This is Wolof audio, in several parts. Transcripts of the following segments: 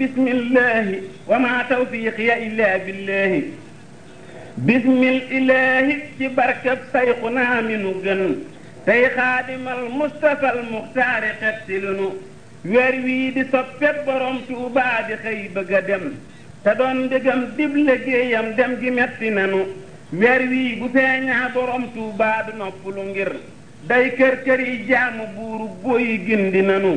bismillahi wa ma tawfiiqiya illa billahi bismil ilahi ci barkeb sayxunaa mi gën tey xaadimal mustafal muxtaari xettilinu weer wii di soppet borom tuubaa di xëy bëgg a dem te doon ndegam dible géeyam dem gi metti nanu weer wii bu feeñaa borom tuubaa du noppalu ngir day kër kër yi jaamu buuru booyi gindi nanu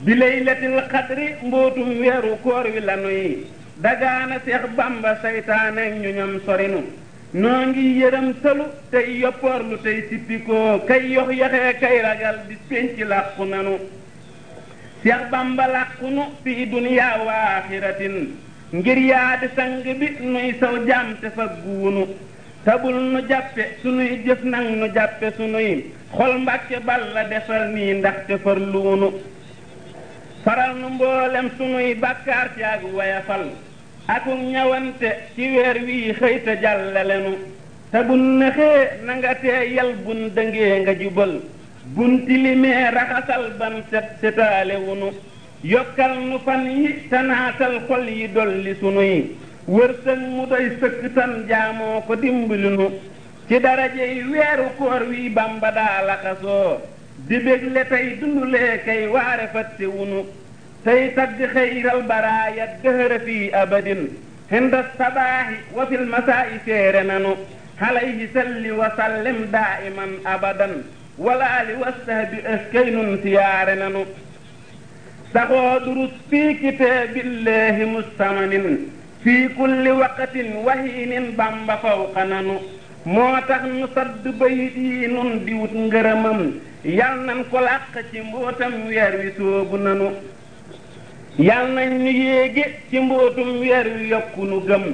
bi laylatil xadri mbootum weeru koor wi lanuy dagaana seex bamba seytaane ñu ñoom sorinu noo ngi yërëm salu tey yoppoorlu tey sippikoo kay yox yoxee kay ragal di pénc làqu nanu seex bamba làqu nu fii duniyaa wa aaxiratin ngir yaa di sang bi nuy saw jaam te fagguwunu tabul nu jàppe sunuy jëf nang nu jàppe sunuy xol mbàkke bal la defal nii ndax te faral nu mboolem sunuy bàkkaar ci wayafal aku ñawante ci weer wii xëy te te bun nëxee na nga tee yal bun dëngee nga jubal bun tilimee raxasal ban set setaale yokkal nu fan yi te xol yi dolli sunuy wërsëg mu doy sëkk tan jaamoo ko dimbali nu ci darajey weeru koor wi bamba daa laxasoo di bégle tey dundulee kay waare fatti wunu tey tagg xayral baraaya dëhëra fii abadin hinda sabaahi wa fil masaa'i séere nanu alayhi salli wa sallim daa'iman abadan walaali wastahbi ëskay nun siyaare nanu saxoo durus fii kitaabillahi mustamanin fii kulli waqatin wahiinin bamba fawqa nanu moo tax nu sadd bayit yi nun di wut ngërëmam yal nañ ko làq ci mbootam weer wi soobu nanu yal nañ ñu ci mbootum weer wi yokku nu gëm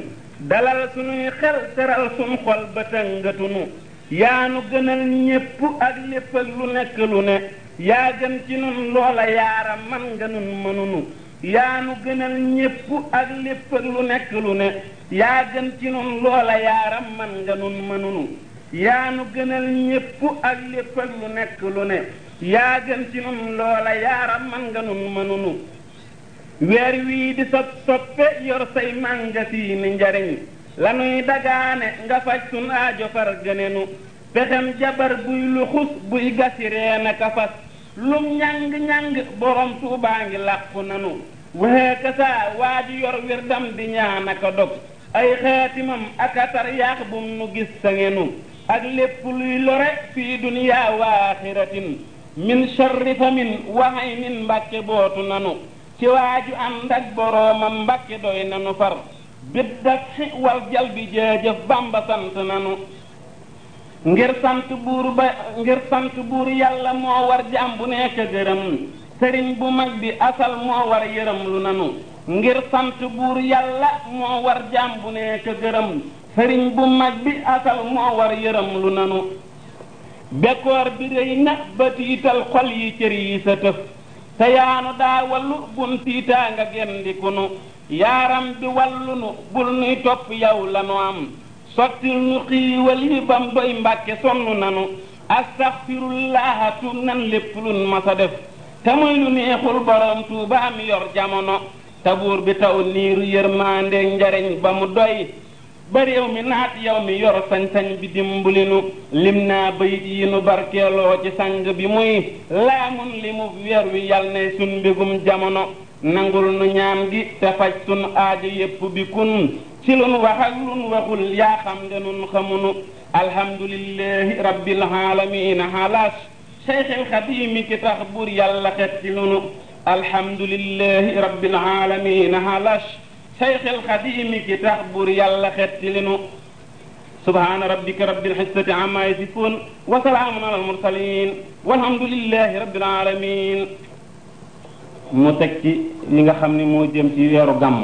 dalal sunuy xel teral suñ xol ba tëngatunu yaanu gënal ñépp ak lépp ak lu nekk lu ne yaa gën ci nun loola yaara man nga nun mënunu yaanu gënal ñépp ak lépp ak lu nekk lu ne yaa gën ci noon loola yaara man nga nun mënunu yaa nu gënal ñépp ak lépp ak lu nekk lu ne yaa gën ci nun loola yaaram man nga nun mënunu weer wii di sa soppe yor say màngasi ni njariñ lanuy dagaane nga faj sun aajo far gënenu pexem jabar buy lu xus buy gasiree naka fas lum ñang-ñang borom tuubaa ngi làqu nanu waxee ka waa ji yor wirdam di ñaanaka dog ay xeetimam akatar yaax bum nu gis sa ngenu ak lépp luy lore fii duniyaa wa axiratin min sharri famin waxay min mbàkke bootu nanu ci waaju ànd ak boroomam mbàkke doy nanu far bit dak xi wal jal bi sant nanu ngir sant buur ba ngir sant buur yàlla moo war jaam bu nekk gërëm sëriñ bu mag bi asal moo war yërëm lu nanu ngir sant buur yàlla moo war jaam bu nekk gërëm sëriñ bu mag bi asal moo war yërëm lu nanu bekkoor bi rëy na ba tiital xol yi cër yi sa tëf te yaanu daa wallu bun tiitaa nga gendiku nu yaaram bi wallu nu bul nuy topp yow lanu am sottil nu xiiwal yi bam doy mbàkke sonn nanu astaxfirullaha tub nan lépp lun masa def te muy lu neexul borom tuuba am yor jamono te bi taw niiru yërmande njariñ ba mu doy ba mi naat yow mi yor sañ-sañ bi dimbulinu lim naa bayit yi nu barkeeloo ci sang bi muy laamun li mu weer wi yal ne sun mbégum jamono nangul nu ñaam gi te faj sun aajo yépp bi kun ci lun wax ak lun waxul yaa xam de xamunu alhamdulillahi rabbil alamin halas Seyxul Xadiim mi ki tax buur yàlla xet ci nunu alhamdulillahi rabbil aalamiin halash Seyxul Xadiim mi ki tax buur yàlla xet ci linu subhaana rabbika rabbil izzati ammaa yasifuun wa salaamun alal mursaliin walhamdulillahi rabbil aalamiin mu teg ci li nga xam ne moo jëm ci weeru gàmm